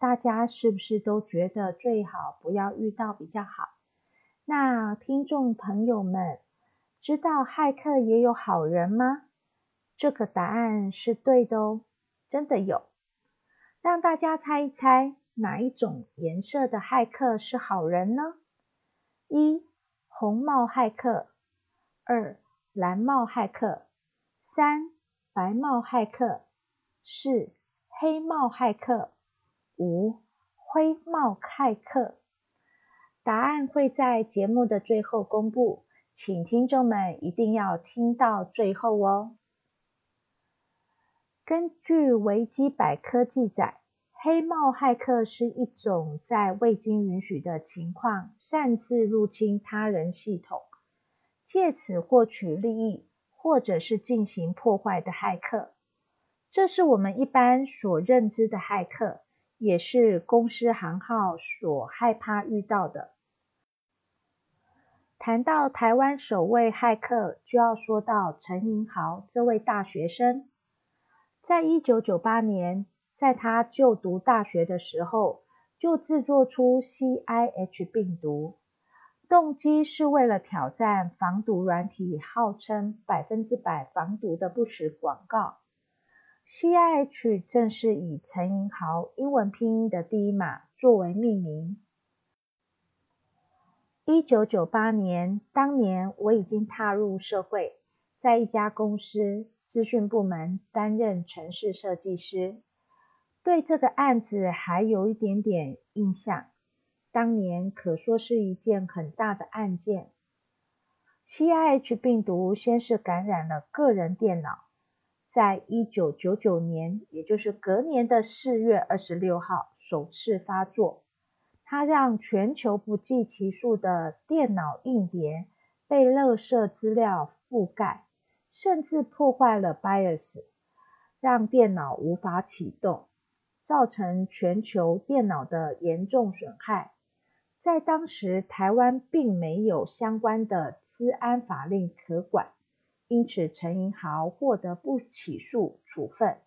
大家是不是都覺得最好不要遇到比較好？那聽眾朋友們，知道駭客也有好人嗎？這個答案是對的哦，真的有。讓大家猜一猜，哪一種顏色的駭客是好人呢？一、紅帽駭客，二、藍帽駭客，三、白帽駭客，四、黑帽駭客。五、灰帽駭客，答案會在節目的最後公布，請聽眾們一定要聽到最後哦。根據維基百科記載，黑帽駭客是一種在未經允許的情況擅自入侵他人系統，借此獲取利益或者是進行破壞的駭客。這是我們一般所認知的駭客。也是公司行號所害怕遇到的。談到台灣首位駭客，就要說到陳盈豪這位大學生。在一九九八年，在他就讀大學的時候，就製作出 CIH 病毒，動機是為了挑戰防毒軟體號稱百分之百防毒的不實廣告。C.I.H. 正是以陳盈豪英文拼音的第一碼作為命名。一九九八年，當年我已經踏入社會，在一家公司資訊部門擔任程式設計師，對這個案子還有一點點印象。當年可說是一件很大的案件。C.I.H. 病毒先是感染了個人電腦。在一九九九年，也就是隔年的四月二十六號，首次發作。它讓全球不計其數的電腦硬碟被垃圾資料覆蓋，甚至破壞了 BIOS，讓電腦無法啟動，造成全球電腦的嚴重損害。在當時，台灣並沒有相關的資安法令可管。因此，陳盈豪獲得不起訴處分。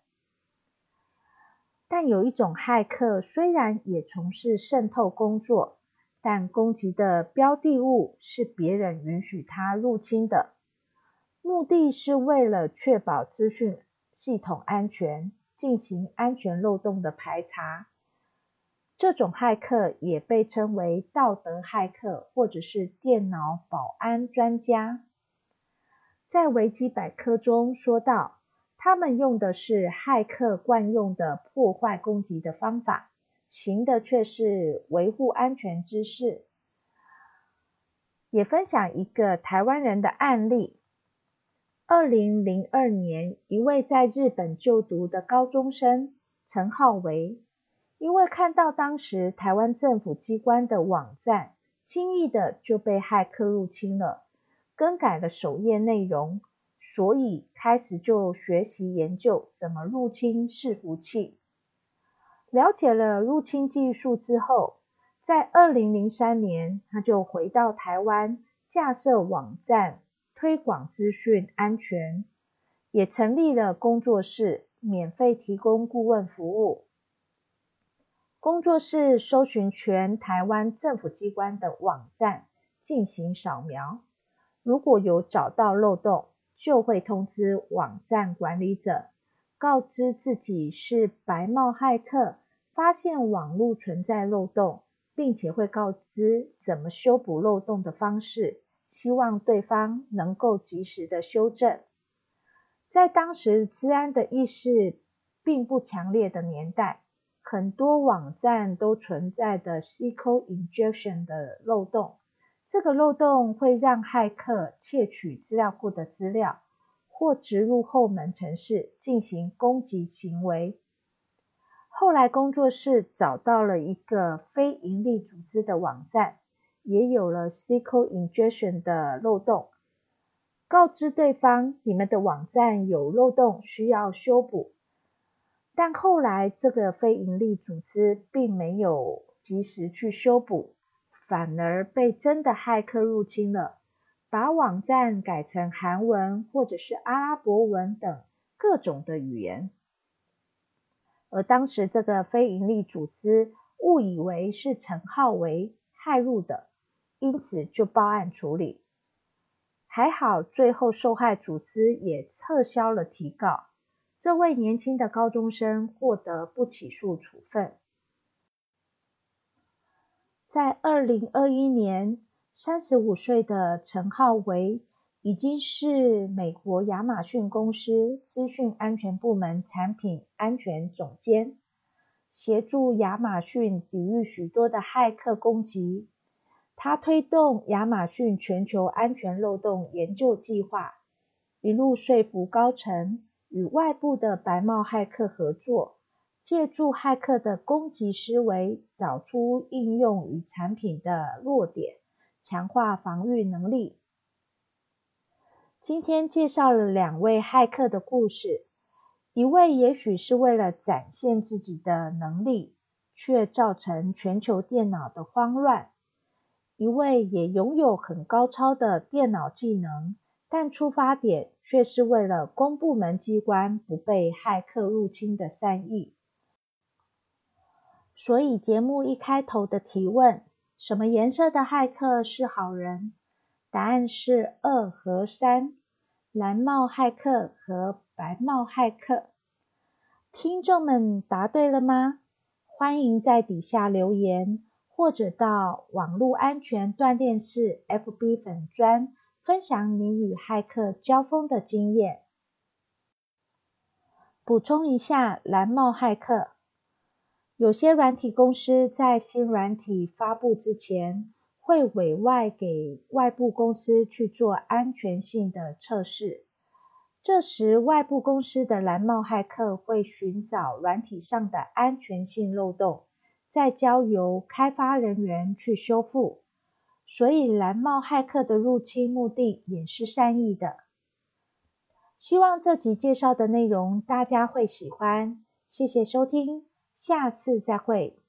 但有一種駭客，雖然也從事滲透工作，但攻擊的標的物是別人允許他入侵的，目的是為了確保資訊系統安全，進行安全漏洞的排查。這種駭客也被稱為道德駭客，或者是電腦保安專家。在維基百科中說到，“他們用的是駭客慣用的破壞攻擊的方法，行的卻是維護安全之事。”也分享一個台灣人的案例：二零零二年，一位在日本就讀的高中生陳浩維，因為看到當時台灣政府機關的網站輕易的就被駭客入侵了。更改了首頁內容，所以開始就學習研究怎麼入侵伺服器。了解了入侵技術之後，在二零零三年，他就回到台灣架設網站，推廣資訊安全，也成立了工作室，免費提供顧問服務。工作室搜尋全台灣政府機關的網站進行掃描。如果有找到漏洞，就會通知網站管理者，告知自己是白帽駭客，發現網絡存在漏洞，並且會告知怎麼修補漏洞的方式，希望對方能夠及時的修正。在當時資安的意識並不強烈的年代，很多網站都存在的 SQL injection 的漏洞。這個漏洞會讓駭客竊取資料庫的資料，或植入後門程式進行攻擊行為。後來工作室找到了一個非營利組織的網站，也有了 SQL Injection 的漏洞，告知對方你們的網站有漏洞需要修補，但後來這個非營利組織並沒有及時去修補。反而被真的駭客入侵了，把網站改成韓文或者是阿拉伯文等各種的語言，而當時這個非營利組織誤以為是陳浩維駭入的，因此就報案處理。還好最後受害組織也撤銷了提告，這位年輕的高中生獲得不起訴處分。在二零二一年，三十五歲的陳浩維已經是美國亞馬遜公司資訊安全部門產品安全總監，協助亞馬遜抵御許多的駭客攻擊。他推動亞馬遜全球安全漏洞研究計劃，一路說服高層與外部的白帽駭客合作。借助駭客的攻擊思維，找出應用與產品的弱點，強化防禦能力。今天介紹了兩位駭客的故事，一位也許是為了展現自己的能力，卻造成全球電腦的慌亂；一位也擁有很高超的電腦技能，但出發點卻是為了公部門機關不被駭客入侵的善意。所以節目一開頭的提問：什麼顏色的駭客是好人？答案是二和三，藍帽駭客和白帽駭客。聽眾們答對了嗎？歡迎在底下留言，或者到網絡安全鍛鍊室 FB 粉專分享你與駭客交鋒的經驗。補充一下，藍帽駭客。有些軟體公司在新軟體發布之前，會委外給外部公司去做安全性的測試。這時，外部公司的藍帽駭客會尋找軟體上的安全性漏洞，再交由開發人員去修復。所以，藍帽駭客的入侵目的也是善意的。希望這集介紹的內容大家會喜歡。謝謝收聽。下次再會。